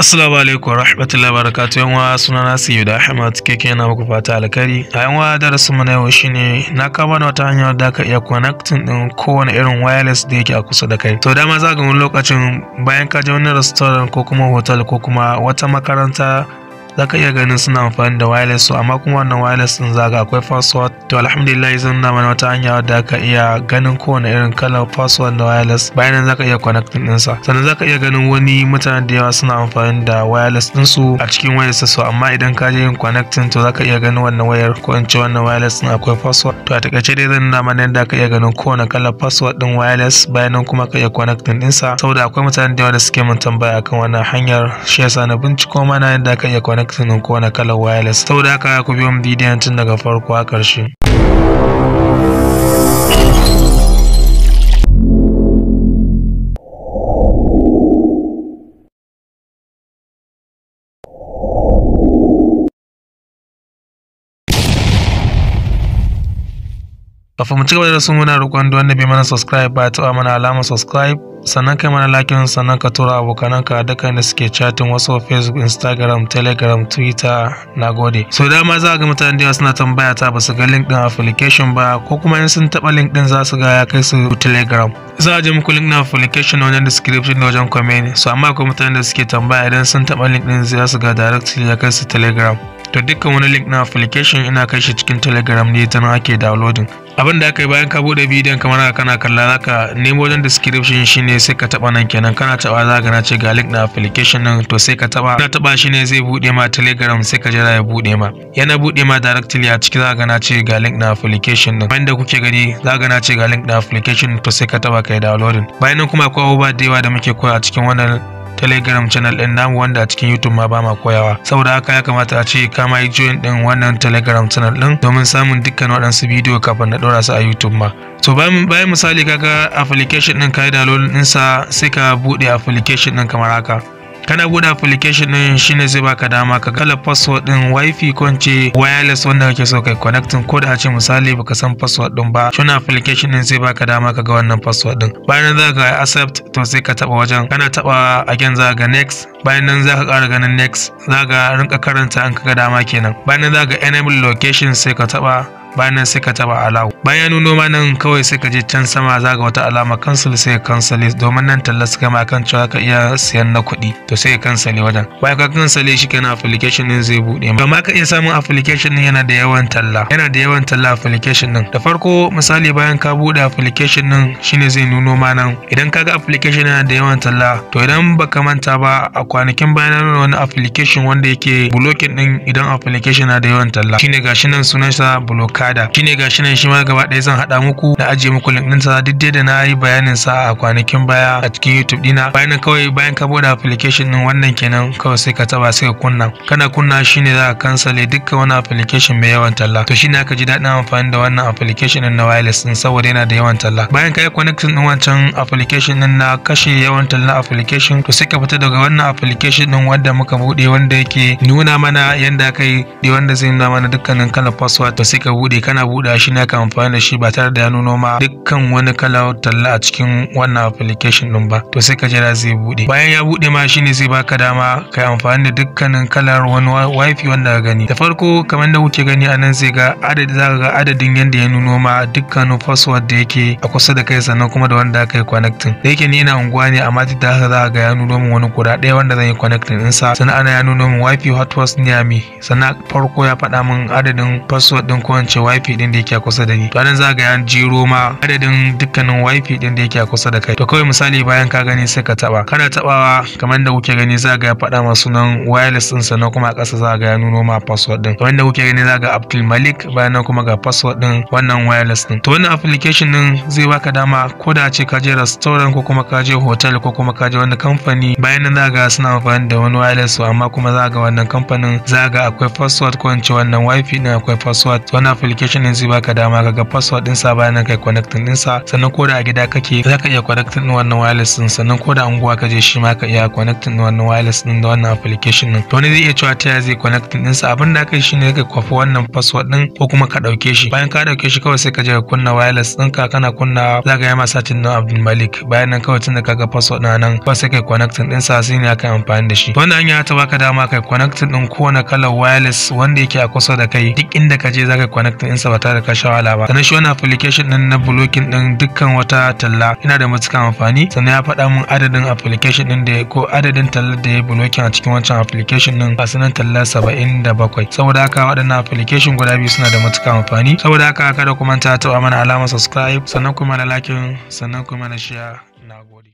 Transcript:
Assalamu alaikum rahmatullahi barakatu yan wa suna na Sayyid Ahmad keke na muku fata alkari a yan wa darasin mu na yau shine na kama da wata hanyar da ka iya connecting din kowane irin wireless da yake a kusa da kai to dama za ga wani lokacin bayan ka je wani restaurant ko kuma hotel ko kuma wata makaranta za ka iya ganin suna amfani da wireless so amma kuma wannan wireless din zaka akwai password to alhamdulillah zan na mana wata hanya wadda ka iya ganin kowane irin kalar password da wireless bayan nan ka iya connecting dinsa. sannan za ka iya ganin wani mutane da yawa suna amfani da wireless su a cikin wireless so amma idan ka je yin connecting to za ka iya ganin wannan wayar ko in ce wannan wireless din akwai password to a takaice dai zan na mana yadda ka iya ganin kowane kalar password din wireless bayan nan kuma ka iya connecting dinsa? saboda akwai mutane da yawa da suke mun tambaya kan wannan hanyar shi yasa na binciko mana yadda ka iya connect sanin kowane kalar wireless da aka ku biyo mu bidiyon tun daga farko a ƙarshe. Kafin mu ci gaba da a muna roƙon duk wanda bai mana subscribe ba ta mana alama subscribe sannan kai mana lakin sannan ka tura abokananka dukkan da suke chatin wasu facebook instagram telegram twitter na gode so ma za ga mutane da suna tambaya ta su ga link din application ba ko kuma in sun taba link din za su ga ya kai su telegram za a je muku link din application wajen description da wajen comment so amma akwai mutane da suke tambaya idan sun taba link din za su ga directly ya kai su telegram to dukkan wani link na application ina kai shi cikin telegram ne ta nan ake downloading abin da aka yi bayan ka bude bidiyon kamar haka kana kalla zaka nemo wajen description shine sai ka taba nan kenan kana taba zaka na ce ga link na application nan to sai ka taba na taba shine zai bude ma telegram sai ka jira ya bude ma yana bude ma directly a ciki zaka na ce ga link na application nan bayan da kuke gani zaka na ce ga link na application to sai ka taba kai downloading bayan nan kuma akwai over da yawa da muke koya a cikin wannan telegram channel din namu wanda a cikin youtube ma ba ma koyawa saboda haka ya kamata a ce ka ma yi join din wannan telegram channel din domin samun dukkan waɗansu bidiyo kafin na ɗora su a youtube ma to bayan misali kaga application din ka yi dalolin sa sai ka buɗe application din kamar haka kana bude application din shine zai baka dama ka kala password din wifi ko ce wireless wanda kake so kai connecting ko da a ce misali baka san password din ba shine application din zai baka dama ka ga wannan password ɗin. bayan nan zaka accept to sai ka taba wajen kana taba again zaka ga next bayan nan zaka ƙara ganin next zaka rinka karanta an ka ga dama kenan bayan nan zaka ga enable location sai ka taba bayanan sai ka taba alawo bayan nuno ma nan kawai sai ka je can sama za ga wata alama cancel sai ka cancel domin nan talla suka ma kan cewa ka iya siyan na kuɗi to sai ka cancel wajen bayan ka cancel shi kenan application din zai bude ma amma ka iya samun application din yana da yawan talla yana da yawan talla application din da farko misali bayan ka bude application din shine zai nuno ma nan idan ka ga application yana da yawan talla to idan baka manta ba a kwanakin bayan wani application wanda yake blocking din idan application na da yawan talla shine gashi nan sunansa block okada shine gashi nan shi ma gaba ɗaya zan haɗa muku na ajiye muku link ɗinsa duk dai da na yi bayanin sa a kwanakin baya a cikin youtube ɗina bayan kawai bayan ka bude application ɗin wannan kenan kawai sai ka taba sai ka kunna kana kunna shine za ka cancel dukkan wani application mai yawan talla to shine aka ji daɗin amfani da wannan application ɗin na wireless ɗin saboda yana da yawan talla bayan ka yi connecting ɗin wancan application ɗin na kashe yawan talla application to sai ka fita daga wannan application ɗin wanda muka bude wanda yake nuna mana yanda kai wanda zai nuna mana dukkanin kala password to sai ka bude. bude kana buɗe shi ne ka amfani da shi ba tare da ya nuno ma dukkan wani kala talla a cikin wannan application din ba to sai ka jira zai buɗe bayan ya buɗe ma shine zai baka dama ka amfani da dukkanin kalar wani wifi wanda ka gani da farko kamar da kuke gani a nan zai ga adadin zaka ga adadin yanda ya nuno ma dukkanin password da yake a kusa da kai sannan kuma da wanda aka yi connecting da yake ni ina unguwa ne amma duk da haka za ga ya nuno min wani kura ɗaya wanda zan yi connecting ɗinsa sannan ana ya nuno min wifi hotspot ne a mi sannan farko ya faɗa min adadin password ɗin ko wato wifi din da yake a kusa da ni to anan za ga jiro ma adadin dukkanin wifi din da yake a kusa da kai to kawai misali bayan ka gani sai ka taba kana tabawa kamar da kuke gani za ga faɗa ma sunan wireless din sannan kuma a ƙasa za ga nuno ma password din kamar da kuke gani za ga Abdul Malik bayan nan kuma ga password din wannan wireless din to wannan application din zai baka dama ko da ce ka je restaurant ko kuma ka je hotel ko kuma ka je wani kamfani bayan nan za ga suna amfani da wani wireless amma kuma za ga wannan kamfanin za ga akwai password ko in ce wannan wifi din akwai password wannan application din zai baka dama ka ga password din sa nan kai connecting din sa sannan ko da a gida kake za ka iya connecting din wannan wireless din sannan ko da unguwa ka je shi ma ka iya connecting din wannan wireless din da wannan application din to ne zai iya cewa ta zai connecting din sa abin da kai shine ka kwafi wannan password din ko kuma ka dauke shi bayan ka dauke shi kawai sai ka je ka kunna wireless din ka kana kunna za ka yi masa satin din Abdul Malik bayan nan kawai tunda kaga password na nan ba sai kai connecting din sa sai ne aka amfani da shi to wannan hanya ta baka dama kai connecting din kowane kalar wireless wanda yake a kusa da kai duk inda ka je ka connect ɗinsa ba tare da ka sha ba sannan shi wannan application ɗin na blocking ɗin dukkan wata talla yana da matuƙar amfani sannan ya faɗa min adadin application ɗin da ko adadin tallar da ya blocking a cikin wancan application ɗin a sanan talla saba'in da bakwai saboda haka waɗannan application guda biyu suna da matuƙar amfani saboda haka kada ku manta taɓa mana alamar subscribe sannan kuma na like sannan kuma na share na gode